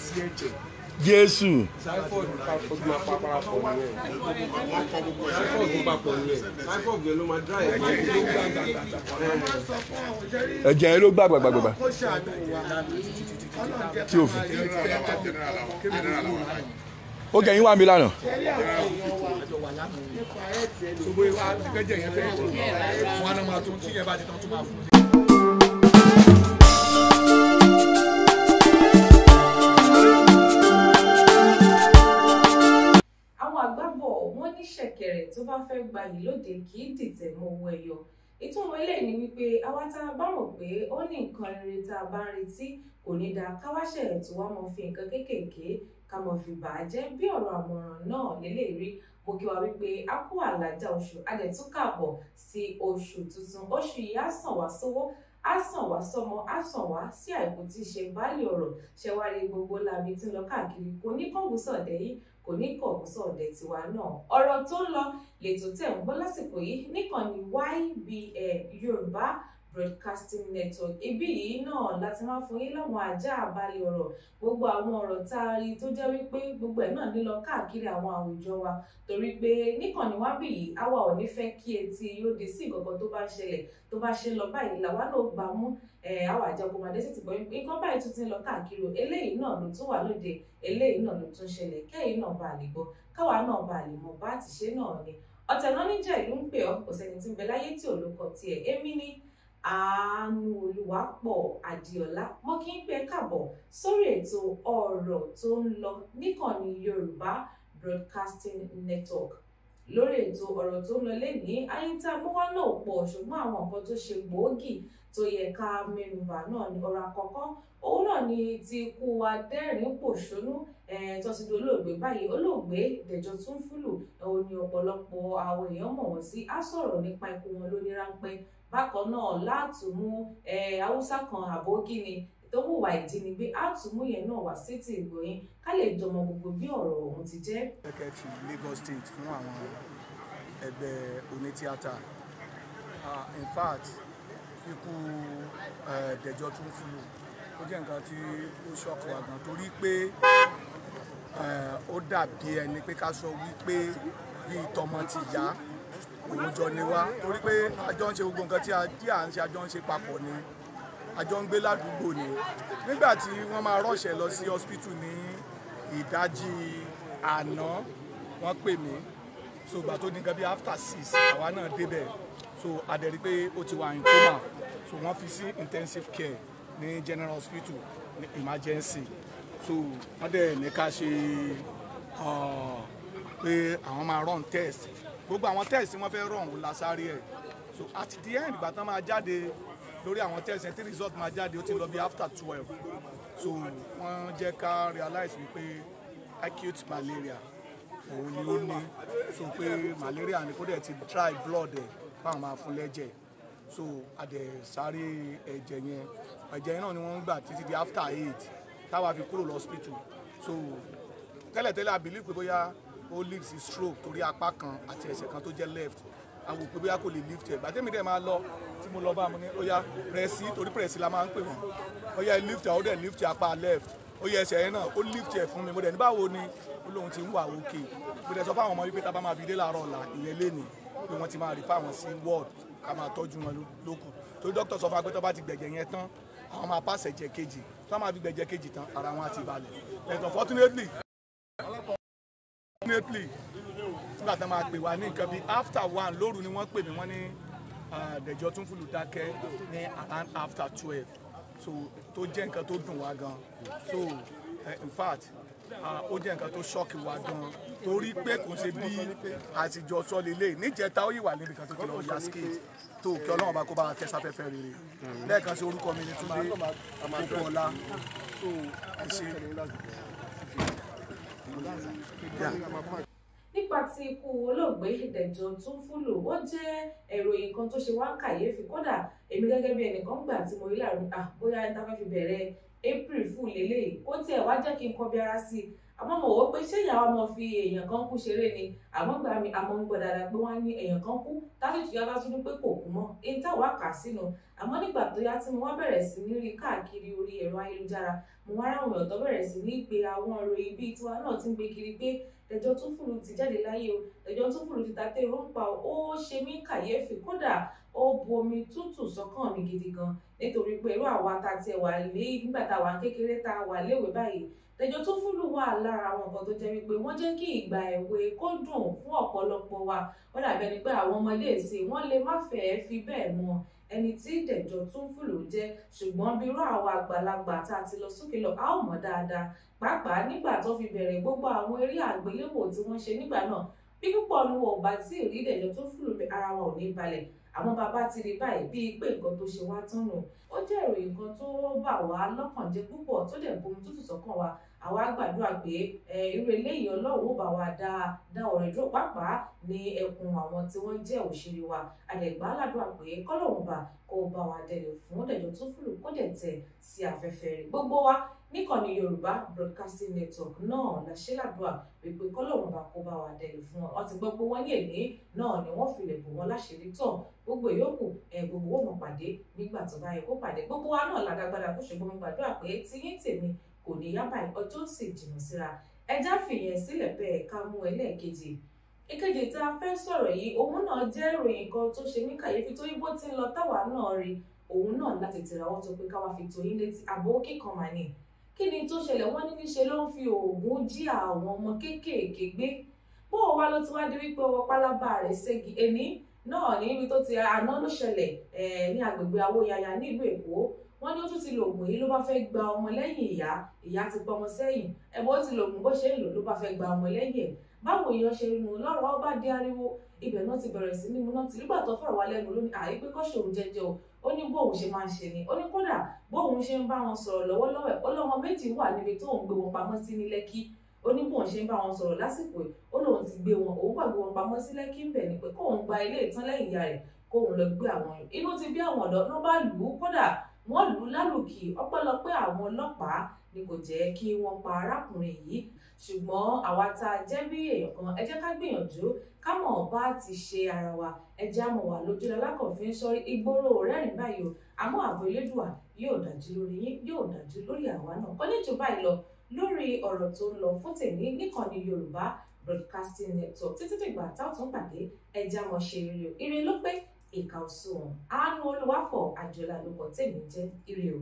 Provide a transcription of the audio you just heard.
sí ẹ̀jẹ̀ jésù. typhoid ogun apapapọ nìyẹn typhoid papọ̀ nìyẹn typhoid yẹn ló máa dry ẹ̀jẹ̀. ẹ̀jẹ̀ yẹn ló gbà gbàgbàgbà tí o fi. ó kẹ́yìn wá mi lánàá. ṣùgbọ́n ìwà akẹ́jẹ̀ yẹn fẹ́ẹ́ wọ́n á máa tún tí yẹn bá ti tán tún máa fún un. ọ̀kẹ́rẹ́ tó bá fẹ́ gbayì lóde kì í dìtẹ̀ mọ́ owó ẹyọ ìtumọ̀ eléyìí ni wípé àwa tá a bá mọ̀ pé ó ní nǹkan rere tá a bá ń retí kò ní dáa káwáṣẹ̀ tó wá mọ fi nǹkan kéékèèké ká mọ fi bà á jẹ́ bí ọ̀rọ̀ àmọ̀ràn náà lélẹ̀ mo kí wa wípé a kú àlàjá oṣù adẹ̀tún sí oṣù tuntun oṣù yìí á sàn wá sówó á sàn wá sọmọ á sàn wá sí àìkú tí í ṣe baálé ọ̀rọ̀ ṣẹwárí gbogbo láabi tí ń lọ káàkiri kò ní kọ̀ǹgùsọ̀dẹ̀ yìí kò ní kọ̀ǹgùsọ̀ ọ̀dẹ̀ tiwa náà ọ̀rọ̀ tó ń lọ lètò tẹ̀ ń gbọ́ lásìkò yìí nìkan ni YBN Yorùbá Broadcasting Network ibí yìí náà láti máa fún yín láwọn ajá àbálẹ̀ ọ̀rọ̀ gbogbo àwọn ọ̀rọ̀ tá a rí tó jẹ́ wípé gbogbo ẹ̀ náà nílọ káàkiri àwọn àwùjọ wa torí pé ni wá bì yìí àwa ò ní fẹ́ kí etí yóò di sí ìkọ̀kọ̀ tó bá ń ṣẹlẹ̀ tó bá ṣe lọ báyìí làwa náà gbà mú àwa àjàgbọ̀mọdé sì ti gbọ́ nǹkan báyìí tún ti ń lọ káàkiri eléyìí náà ló tún wà lóde eléyìí náà ló tún ṣẹlẹ̀ kẹ́yìn náà bá lè gbọ́ káwa náà bá lè mọ̀ àánú olùwàpọ̀ adéọlá mo kí ń pè káàbọ̀ sórí ètò ọ̀rọ̀ tó ń lọ níkànnì yorùbá broadcasting network lórí ètò ọ̀rọ̀ tó ń lọ lẹ́ni ayíntà mọ́wá náà pọ̀ ṣùgbọ́n àwọn nǹkan tó ṣe gbòógì tó yẹ ká mẹ́nubà náà ní ọ̀rọ̀ àkọ́kọ́ òun náà ni ti ikú adẹ́rìn-pòṣónú tó ti di olóògbé báyìí olóògbé Dẹ̀jọ́ Túnfúlù òun ni ọ̀pọ̀lọpọ̀ àwọn èèyàn mọ̀ wọ́n sí á sọ̀rọ̀ nípa ikú wọn lóní ráńpẹ́ bákan náà látún mú haúsá kan àbókí ni tó hùwà ìjínigbé àtúmú yẹn náà wá sí ti ìgbòyìn ká lè jọmọ gbogbo bí ọ̀rọ̀ ọ̀hún ti jẹ́. sẹ́kẹ̀tì Lagos State fún àwọn ẹgbẹ́ onítíátà in fact ikú Dẹjọ Túnfúlù ó jẹ́ nǹkan tí ó ṣọ́kù àgbọn torí pé ó dàbí ẹni pé ká sọ wípé bíi tọmọ tìyá òwòjọ ni wá torí pé àjọ ń ṣe gbogbo nǹkan tí à ń ṣe àjọ ń ṣe papọ̀ ni àjọ ń gbé ládùúgbò ni nígbà tí wọ́n máa rọ̀ṣẹ̀ lọ sí hospital ní ìdájí àná wọ́n pè mí so ìgbà tó ní nǹkan bí after six àwa náà débẹ̀ so àdẹ̀rí pé ó ti wà ní coma so wọ́n fi sí intensive care ní general hospital ní emergency so wọ́n dẹ̀ ní ká ṣe ah, pé àwọn máa run test gbogbo àwọn tẹ́ẹ̀sì wọn fẹ́ rọ̀ ọ̀hún la sáré ẹ̀ so at the end ìgbà tán máa jáde lórí àwọn tẹ́ẹ̀sì ẹ̀ tí result máa jáde ó ti lọ bí after twelve so wọ́n jẹ́ ká realize wípé acute malaria òun ni ó ní so pé malaria ni kó dẹ̀ ti dry blood ẹ̀ fáwọn máa fún lẹ́jẹ̀ so àdẹ̀ sáré ẹ̀jẹ̀ yẹn ẹ̀jẹ̀ yẹn náà ni wọ́n ń gbà títí di after eight táwa fi kúrò lọ hospital so tẹ́lẹ̀tẹ́lẹ̀ I believe pé bóyá ó lift stroke torí apá kan àti ẹsẹ̀ kan tó jẹ́ left àwọn òpè bóyá kò lè lift ẹ̀ gbàdémi dẹ̀ máa lọ tí mo lọ bá mu ní ó yá pẹ̀sì torí pẹ̀sì la máa ń pè wọ́n ó yá lift ẹ̀ ó dẹ̀ lift apá left ó yẹ ẹsẹ̀ yẹn náà ó lift ẹ̀ fún mi mo dẹ̀ ní báwo ni ó lóun ti ń wà òkè mo dẹ̀ sọ fáwọn ọmọ wípé tá a bá máa fi dé láàárọ̀ ọ̀la ìyẹn lénìí pé wọ́n ti máa rí fáwọn sí ward ká máa tọ́jú wọn lókù torí dókítà sọ fún wa pé tó bá ti gbẹ̀jẹ̀ yẹn tán àwọn máa pàṣẹ jẹ kejì tó máa fi gbẹ̀jẹ̀ kejì tán ara wọn á ti balẹ̀ but ultimately nígbà tá a máa pè wá ní nǹkan bíi after one lóru ni wọ́n pè mí wọ́n ní dẹ̀jọ́ tún fúlù dákẹ́ ní around after twelve so tó jẹ́ nǹkan tó dùn wá gan so uh, in fact ó jẹ́ nǹkan tó ṣọ́ọ̀kì wa gan torí pé kò ṣe bí àtijọ́ sọ lélẹ̀ níjẹta ó yìí wà níbi kan tó ti lọ ya skate tó kí ọlọ́run bá kó bá tẹ sáfẹ́fẹ́ rere lẹ́ẹ̀kan sí orúkọ mi ni Túndé Kókóọlá tó ẹ ṣe nípa ti ikú olóògbé Dẹ̀jọ́ Túnfúlù ó jẹ́ ìròyìn kan tó ṣe wá kàyéfì kódà èmi gẹ́gẹ́ bí ẹnìkan gbà tí mo rí làrú ah, bóyá ẹni tá fẹ́ fi bẹ̀rẹ̀ April fún lélẹ̀ kó tiẹ̀ wá jẹ́ kí n kọ́ bí ara sí i àmọ́ mo wò ó pé ṣé ìyàwó ọmọ fi èèyàn kan kú ṣeré ni àmọ́ gba mi àmọ́ ń gbọ́ dáadáa pé wọ́n á ní èèyàn kan kú táyọ̀ tó yá bá tún ní pé kò kú mọ́ èyí táwọn àkà sínú àmọ́ nígbà tó yá tí mo wá bẹ̀rẹ̀ sí ní rí káàkiri orí ẹ̀rọ ayélujára mo wá ráwọn èèyàn bẹ̀rẹ̀ sí ní gbé àwọn ọ̀rọ̀ ibi tiwa náà ti ń gbé kiri pé ẹjọ́ tó fùrù ti jáde láyé o ẹjọ́ tó fùrù ti ta tẹ́ irú ṣe mí kàyéfì kódà ó bu omi tútù sọ́kàn mi gidi gan nítorí pé irú àwa ta tiẹ̀ wà lé nígbà tá a wà kékeré tá a wà léwe báyìí tẹjọ́ tó fúlù wà lára àwọn nǹkan tó jẹ́ wípé wọ́n jẹ́ kí ìgbà èwe kó dùn fún ọ̀pọ̀lọpọ̀ wa wọ́n dàbí ẹni pé àwọn ọmọdé èsì wọ́n lè má fẹ́ẹ́ fi bẹ́ẹ̀ mọ ẹni tí dẹ̀jọ́ tó fúlù jẹ́ ṣùgbọ́n bí irú àwọn àgbàlagbà tá a ti lọ sókè lọ a ó mọ̀ dáadáa pàápàá nígbà tó fi bẹ̀rẹ̀ gbogbo àwọn eré àgbéléwò tí wọ́n ṣe nígbà náà bí púpọ̀ nu wọn ò bá tí ì rí dẹ̀jọ́ tó fúlù ara wọn ò ní balẹ̀ àmọ́ bàbá ti rí báyìí bíi pé nǹkan tó ṣe wá tán nù ó jẹ́ ìròyìn kan tó bà wá lọ́kàn jẹ́ púpọ̀ tó dẹ̀ bomi tútù sọ́kàn wa àwa gbàdúrà pé irú eléyìí ọlọ́run ó bá wa dá dá ọ̀rẹ́ dúró pàápàá ní ẹkùn àwọn tí wọ́n jẹ́ òṣèré wa àdẹ̀gbà aládùn àpè kọ́lọ́run bá kó bá wa dẹ̀lẹ̀ fún dẹ̀jọ́ tó fúlù kó dẹ̀ tẹ̀ sí afẹ́fẹ́ rẹ̀ gbogbo wa níkànnì yorùbá broadcasting network náà làṣẹ làdúrà wípé kọlọ́run bá kó bá wa dẹ̀yìn fún wọn ọtí gbogbo wọn ní náà ni wọ́n filẹ̀ bò wọ́n láṣìírí tọ̀ gbogbo ìyókù ẹ̀ gbogbo wọn mọ̀ pàdé nígbà tó bá yẹ kó pàdé gbogbo wa náà làdàgbàdà kó ṣùgbọ́n mo gbàdúrà pé tiyín tèmi kò ní yá báyìí ọjọ́ sì jìnnà síra ẹja fìyẹn sílẹ̀ bẹ́ẹ̀ ká mú ẹlẹ́ẹ̀kejì ìkejì tá a fẹ́ sọ̀rọ̀ yìí òun náà jẹ́ ìròyìn kan tó ṣe ní kàyéfì tó ibo ti ń lọ táwa náà rí òun náà láti tẹ̀ra wọ́n tó pé káwa fi tòyín létí àbò kíkan màní kí ni tó ṣẹlẹ̀ wọ́n ní níṣe ló ń fi oògùn jí àwọn ọmọ kéékèèké gbé bóò wá ló ti wá dé wípé ọwọ́ pálábá rẹ̀ ségi ẹni náà ní ibi tó ti àná ló ṣẹlẹ̀ ní agbègbè awóyaya nílùú èkó wọ́n ní ó tún ti lo oògùn yìí ló bá fẹ́ gba ọmọ lẹ́yìn ìyá ìyá ti pọmọ sẹ́yìn ẹ̀bùn ó ti lo oògùn bó ṣe ń lò ló bá fẹ́ gba ọmọ lẹ́yìn ẹ̀ báwo èèyàn ṣe mú lọ́rọ̀ ọba dé ariwo ibẹ̀ náà ti bẹ̀rẹ̀ sí ní mu náà ti fọ̀rọ̀ wá lẹ́nu lónìí àyè pé kọ́ ṣòun jẹjẹ o ó ní bóun ṣe máa ń ṣe ni ó ní kódà bóun ṣe ń bá wọn sọ̀rọ̀ lọ́wọ́lọ́wọ́ ó lọ́wọ́ méjì wà níbi tóun gbé wọn pamọ́ sí ní lẹ́kí ó ní bóun ṣe ń bá wọn sọ̀rọ̀ lásìkò ẹ̀ ó lóun ti gbé wọn òun gbàgbé wọn pamọ́ sí lẹ́kí ń bẹ̀ ni pé kóun gba ilé ìtàn lẹ́yìn ìyá rẹ̀ kóun lọ gbé àwọn inú ti bí àwọn ọ̀dọ́ ló bá lù ú kódà wọ́n lù ú lálùkì ọpẹ́lọpẹ́ àwọn ọlọ́pàá ni kò jẹ́ kí wọ́n pa arákùnrin yìí ṣùgbọ́n àwa tá a jẹ́ bí èèyàn kan ẹ jẹ́ ká gbìyànjú ká mọ̀ ti ṣe ara wa ẹ jẹ́ wà lójú lálákọ̀ọ́fín sọ ìgboro rẹ́rìn báyìí o àmọ́ àbọ̀ elédùà yóò dájú lórí yín yóò dájú lórí àwa náà kọ́lé jù báyìí lọ lórí ọ̀rọ̀ tó ń lọ fún tèmi níkànnì Yorùbá Broadcasting Network títí dìgbà táwọn tó ń pàdé ẹ jẹ́ ṣe eré ló pé ìka ò sọ wọn àánú olùwàpọ̀ àjọlá ló kọ tèmi jẹ́ ire o.